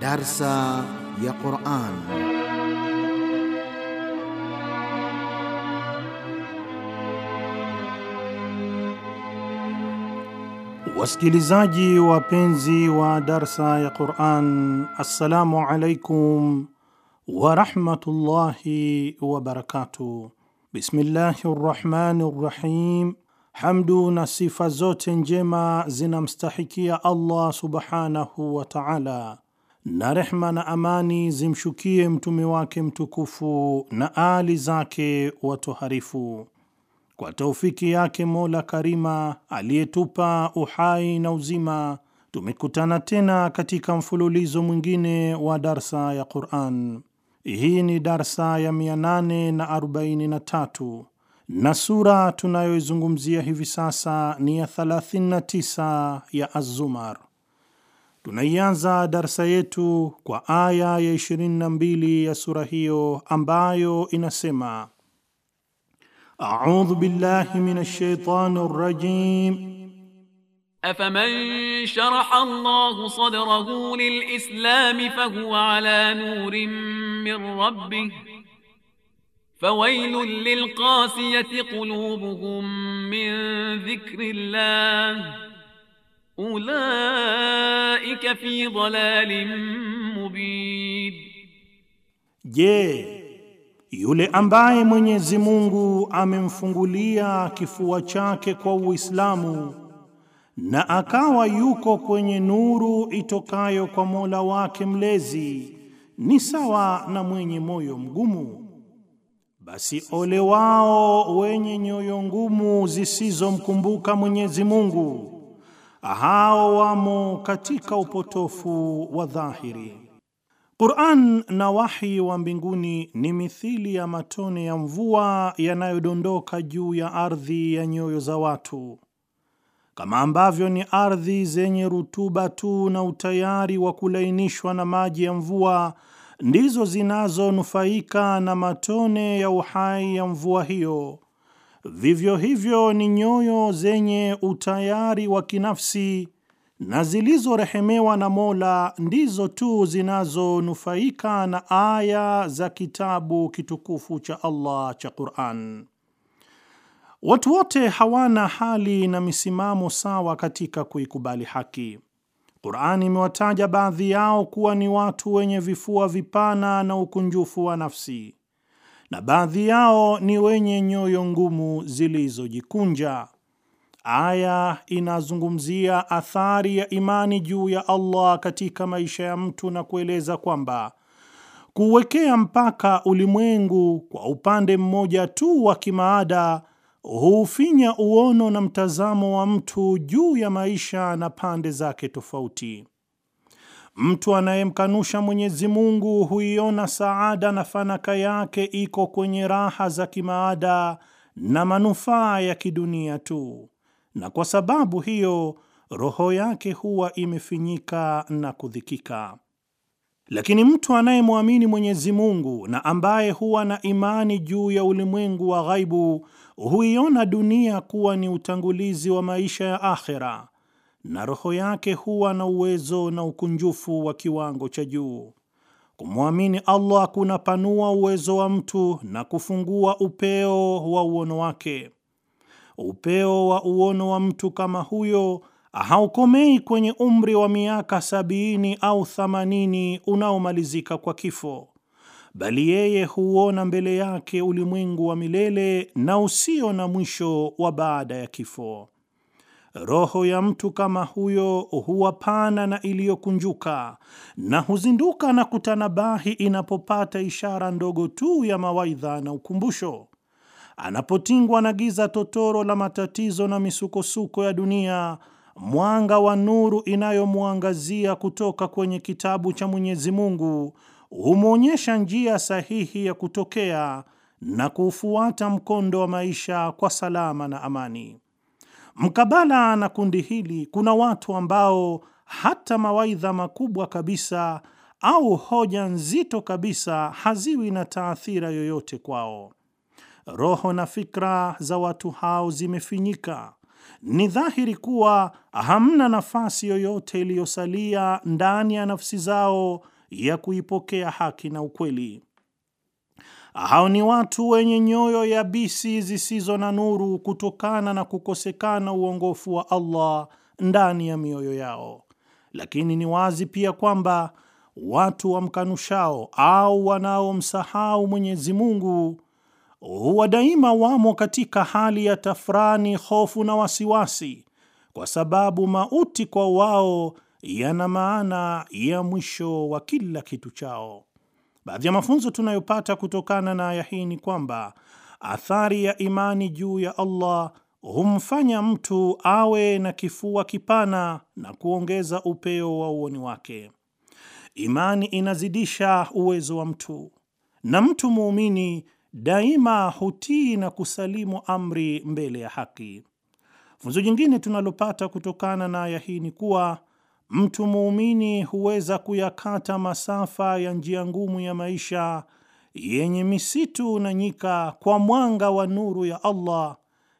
درس يا قرآن wasikilizaji wapenzi wa darsa ya Qur'an, assalamu alaikum wa rahmatullahi wa barakatuh. Bismillahi rrahmani rahim. Hamdu na sifa zote njema zinamstahikia Allah subhanahu wa ta'ala, na rehma na amani zimshukie mtume wake mtukufu na ali zake watoharifu. Kwa taufiki yake Mola Karima aliyetupa uhai na uzima, tumekutana tena katika mfululizo mwingine wa darsa ya Qur'an. Hii ni darsa ya 843 na sura tunayoizungumzia hivi sasa ni ya 39 ya Az-Zumar. Tunaianza darsa yetu kwa aya ya 22 ya sura hiyo ambayo inasema: A'udhu billahi minash shaitani rrajim أفمن شرح الله صدره للإسلام فهو على نور من ربه فويل للقاسية قلوبهم من ذكر الله أولئك في ضلال مبين Je, yule ambaye Mwenyezi Mungu amemfungulia kifua chake kwa Uislamu na akawa yuko kwenye nuru itokayo kwa Mola wake mlezi, ni sawa na mwenye moyo mgumu. Basi ole wao wenye nyoyo ngumu zisizomkumbuka Mwenyezi Mungu, hao wamo katika upotofu wa dhahiri. Qur'an na wahi wa mbinguni ni mithili ya matone ya mvua yanayodondoka juu ya ardhi ya nyoyo za watu kama ambavyo ni ardhi zenye rutuba tu na utayari wa kulainishwa na maji ya mvua ndizo zinazonufaika na matone ya uhai ya mvua hiyo, vivyo hivyo ni nyoyo zenye utayari wa kinafsi na zilizorehemewa na Mola ndizo tu zinazonufaika na aya za kitabu kitukufu cha Allah cha Qur'an. Watu wote hawana hali na misimamo sawa katika kuikubali haki. Qur'ani imewataja baadhi yao kuwa ni watu wenye vifua vipana na ukunjufu wa nafsi, na baadhi yao ni wenye nyoyo ngumu zilizojikunja. Aya inazungumzia athari ya imani juu ya Allah katika maisha ya mtu na kueleza kwamba kuwekea mpaka ulimwengu kwa upande mmoja tu wa kimaada huufinya uono na mtazamo wa mtu juu ya maisha na pande zake tofauti. Mtu anayemkanusha Mwenyezi Mungu huiona saada na fanaka yake iko kwenye raha za kimaada na manufaa ya kidunia tu, na kwa sababu hiyo roho yake huwa imefinyika na kudhikika. Lakini mtu anayemwamini Mwenyezi Mungu na ambaye huwa na imani juu ya ulimwengu wa ghaibu huiona dunia kuwa ni utangulizi wa maisha ya akhera, na roho yake huwa na uwezo na ukunjufu wa kiwango cha juu. Kumwamini Allah kunapanua uwezo wa mtu na kufungua upeo wa uono wake. Upeo wa uono wa mtu kama huyo haukomei kwenye umri wa miaka sabini au thamanini unaomalizika kwa kifo bali yeye huona mbele yake ulimwengu wa milele na usio na mwisho wa baada ya kifo. Roho ya mtu kama huyo huwa pana na iliyokunjuka na huzinduka na kutanabahi inapopata ishara ndogo tu ya mawaidha na ukumbusho. Anapotingwa na giza totoro la matatizo na misukosuko ya dunia, mwanga wa nuru inayomwangazia kutoka kwenye kitabu cha Mwenyezi Mungu humwonyesha njia sahihi ya kutokea na kuufuata mkondo wa maisha kwa salama na amani. Mkabala na kundi hili, kuna watu ambao hata mawaidha makubwa kabisa au hoja nzito kabisa haziwi na taathira yoyote kwao. Roho na fikra za watu hao zimefinyika. Ni dhahiri kuwa hamna nafasi yoyote iliyosalia ndani ya nafsi zao ya kuipokea haki na ukweli. Hao ni watu wenye nyoyo ya bisi zisizo na nuru kutokana na kukosekana uongofu wa Allah ndani ya mioyo yao. Lakini ni wazi pia kwamba watu wamkanushao au wanaomsahau Mwenyezi Mungu huwa daima wamo katika hali ya tafrani, hofu na wasiwasi, kwa sababu mauti kwa wao yana maana ya mwisho wa kila kitu chao. Baadhi ya mafunzo tunayopata kutokana na aya hii ni kwamba athari ya imani juu ya Allah humfanya mtu awe na kifua kipana na kuongeza upeo wa uoni wake. Imani inazidisha uwezo wa mtu, na mtu muumini daima hutii na kusalimu amri mbele ya haki. Funzo jingine tunalopata kutokana na aya hii ni kuwa mtu muumini huweza kuyakata masafa ya njia ngumu ya maisha yenye misitu na nyika kwa mwanga wa nuru ya Allah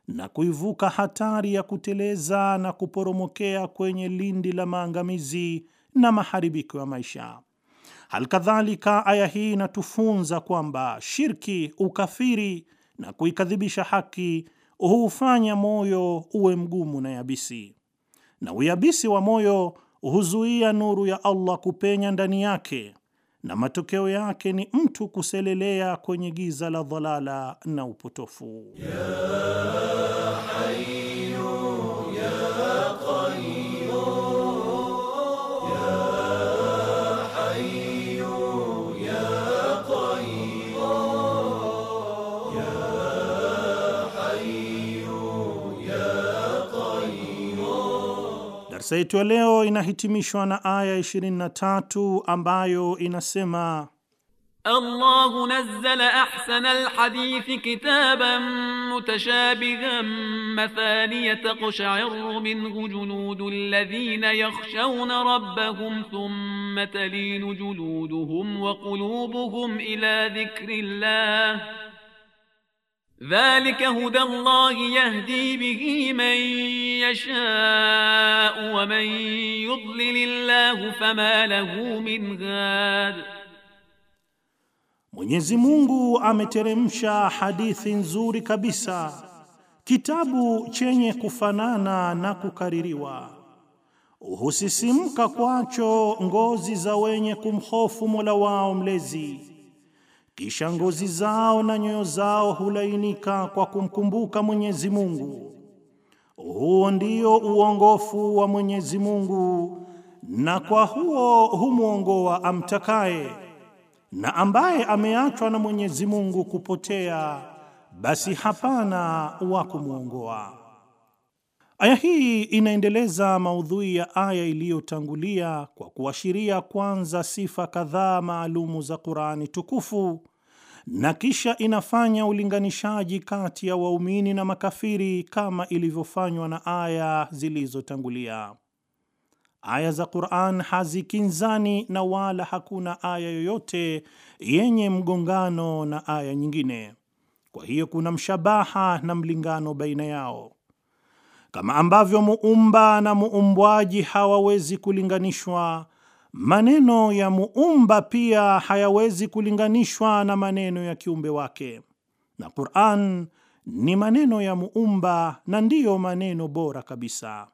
na kuivuka hatari ya kuteleza na kuporomokea kwenye lindi la maangamizi na maharibiko ya maisha. Halkadhalika, aya hii inatufunza kwamba shirki, ukafiri na kuikadhibisha haki huufanya moyo uwe mgumu na yabisi, na uyabisi wa moyo huzuia nuru ya Allah kupenya ndani yake na matokeo yake ni mtu kuselelea kwenye giza la dhalala na upotofu ya hai. Darsa yetu ya leo inahitimishwa na aya 23 ambayo inasema Allahu nazzala ahsana alhadithi kitaban mutashabihan mathaniya taqsha'irru minhu juludu alladhina yakhshawna rabbahum thumma talinu juluduhum wa qulubuhum ila dhikrillah Dhalika huda Allahi yahdi bihi man yashau wa man yudlil Allahu fama lahu min ghad, Mwenyezi Mungu ameteremsha hadithi nzuri kabisa, kitabu chenye kufanana na kukaririwa, husisimka kwacho ngozi za wenye kumhofu Mola wao mlezi kisha ngozi zao na nyoyo zao hulainika kwa kumkumbuka Mwenyezi Mungu. Huo ndio uongofu wa Mwenyezi Mungu, na kwa huo humwongoa amtakaye, na ambaye ameachwa na Mwenyezi Mungu kupotea, basi hapana wa kumwongoa. Aya hii inaendeleza maudhui ya aya iliyotangulia kwa kuashiria kwanza sifa kadhaa maalumu za Qur'ani tukufu na kisha inafanya ulinganishaji kati ya waumini na makafiri kama ilivyofanywa na aya zilizotangulia. Aya za Qur'an hazikinzani na wala hakuna aya yoyote yenye mgongano na aya nyingine. Kwa hiyo kuna mshabaha na mlingano baina yao. Kama ambavyo muumba na muumbwaji hawawezi kulinganishwa, Maneno ya muumba pia hayawezi kulinganishwa na maneno ya kiumbe wake, na Qur'an ni maneno ya muumba na ndiyo maneno bora kabisa.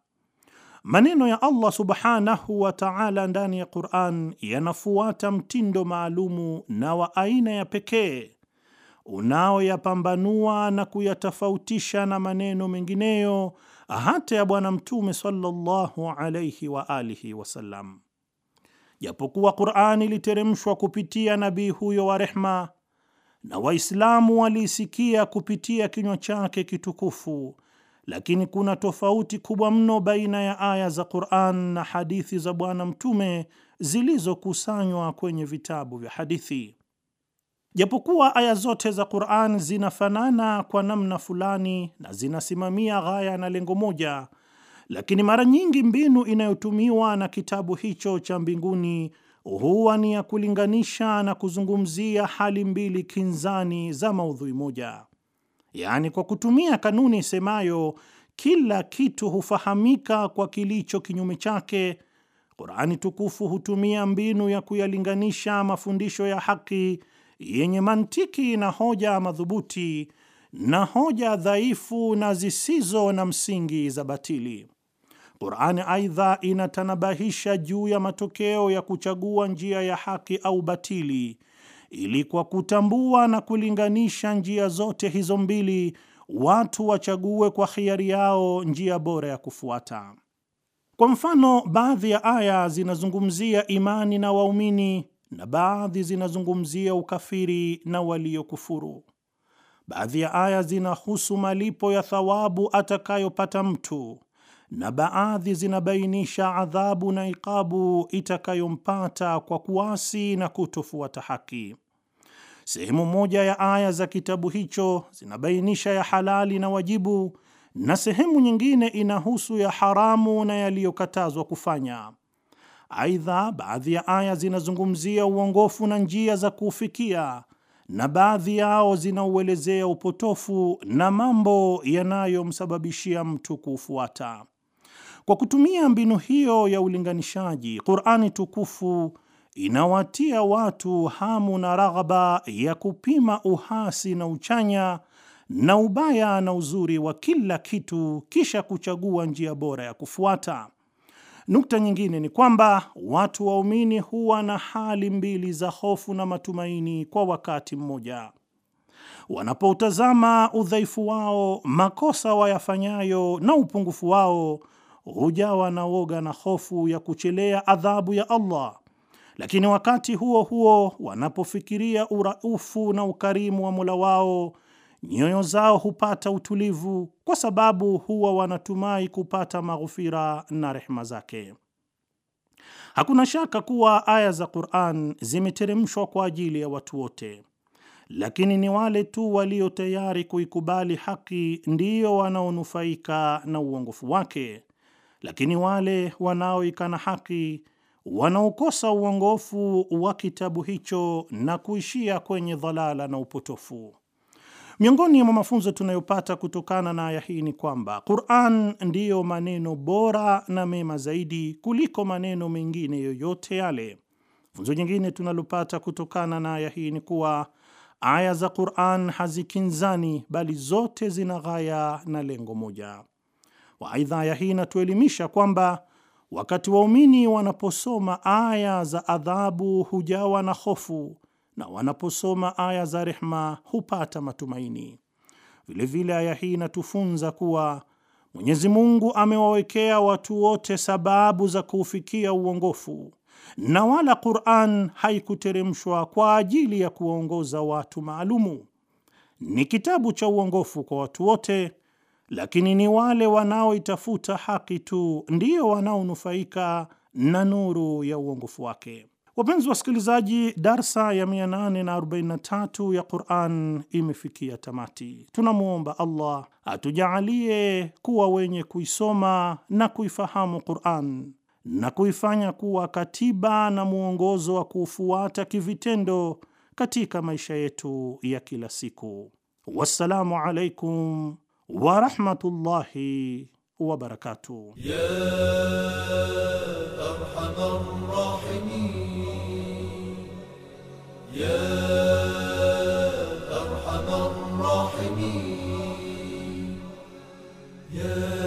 Maneno ya Allah subhanahu wa ta'ala ndani ya Qur'an yanafuata mtindo maalumu na wa aina ya pekee unaoyapambanua na kuyatofautisha na maneno mengineyo hata ya Bwana Mtume sallallahu alayhi wa alihi wasallam japokuwa Qur'ani iliteremshwa kupitia nabii huyo wa rehma na Waislamu waliisikia kupitia kinywa chake kitukufu, lakini kuna tofauti kubwa mno baina ya aya za Qur'an na hadithi za Bwana Mtume zilizokusanywa kwenye vitabu vya hadithi. Japokuwa aya zote za Qur'an zinafanana kwa namna fulani na zinasimamia ghaya na lengo moja, lakini mara nyingi mbinu inayotumiwa na kitabu hicho cha mbinguni huwa ni ya kulinganisha na kuzungumzia hali mbili kinzani za maudhui moja, yaani kwa kutumia kanuni isemayo kila kitu hufahamika kwa kilicho kinyume chake. Qur'ani tukufu hutumia mbinu ya kuyalinganisha mafundisho ya haki yenye mantiki na hoja madhubuti na hoja dhaifu na zisizo na msingi za batili. Qur'ani aidha inatanabahisha juu ya matokeo ya kuchagua njia ya haki au batili, ili kwa kutambua na kulinganisha njia zote hizo mbili watu wachague kwa hiari yao njia bora ya kufuata. Kwa mfano, baadhi ya aya zinazungumzia imani na waumini na baadhi zinazungumzia ukafiri na waliokufuru. Baadhi ya aya zinahusu malipo ya thawabu atakayopata mtu na baadhi zinabainisha adhabu na iqabu itakayompata kwa kuasi na kutofuata haki. Sehemu moja ya aya za kitabu hicho zinabainisha ya halali na wajibu, na sehemu nyingine inahusu ya haramu na yaliyokatazwa kufanya. Aidha, baadhi ya aya zinazungumzia uongofu na njia za kuufikia, na baadhi yao zinauelezea upotofu na mambo yanayomsababishia mtu kuufuata. Kwa kutumia mbinu hiyo ya ulinganishaji, Qur'ani tukufu inawatia watu hamu na raghaba ya kupima uhasi na uchanya na ubaya na uzuri wa kila kitu, kisha kuchagua njia bora ya kufuata. Nukta nyingine ni kwamba watu waumini huwa na hali mbili za hofu na matumaini kwa wakati mmoja. Wanapoutazama udhaifu wao, makosa wayafanyayo na upungufu wao, hujawa na woga na hofu ya kuchelea adhabu ya Allah, lakini wakati huo huo wanapofikiria uraufu na ukarimu wa Mola wao nyoyo zao hupata utulivu, kwa sababu huwa wanatumai kupata maghfira na rehma zake. Hakuna shaka kuwa aya za Qur'an zimeteremshwa kwa ajili ya watu wote, lakini ni wale tu walio tayari kuikubali haki ndiyo wanaonufaika na uongofu wake, lakini wale wanaoikana haki wanaokosa uongofu wa kitabu hicho na kuishia kwenye dhalala na upotofu. Miongoni mwa mafunzo tunayopata kutokana na aya hii ni kwamba Qur'an ndiyo maneno bora na mema zaidi kuliko maneno mengine yoyote yale. Funzo nyingine tunalopata kutokana na aya hii ni kuwa aya za Qur'an hazikinzani, bali zote zina ghaya na lengo moja. Waaidha, aya hii inatuelimisha kwamba wakati waumini wanaposoma aya za adhabu hujawa na hofu na wanaposoma aya za rehma hupata matumaini. Vilevile aya hii inatufunza kuwa Mwenyezi Mungu amewawekea watu wote sababu za kuufikia uongofu na wala Qur'an haikuteremshwa kwa ajili ya kuwaongoza watu maalumu. Ni kitabu cha uongofu kwa watu wote lakini ni wale wanaoitafuta haki tu ndio wanaonufaika na nuru ya uongofu wake. Wapenzi wasikilizaji, darsa ya 843 ya Quran imefikia tamati. Tunamwomba Allah atujaalie kuwa wenye kuisoma na kuifahamu Quran na kuifanya kuwa katiba na mwongozo wa kuufuata kivitendo katika maisha yetu ya kila siku. Wassalamu alaikum ورحمه الله وبركاته يا ارحم الراحمين يا ارحم الراحمين يا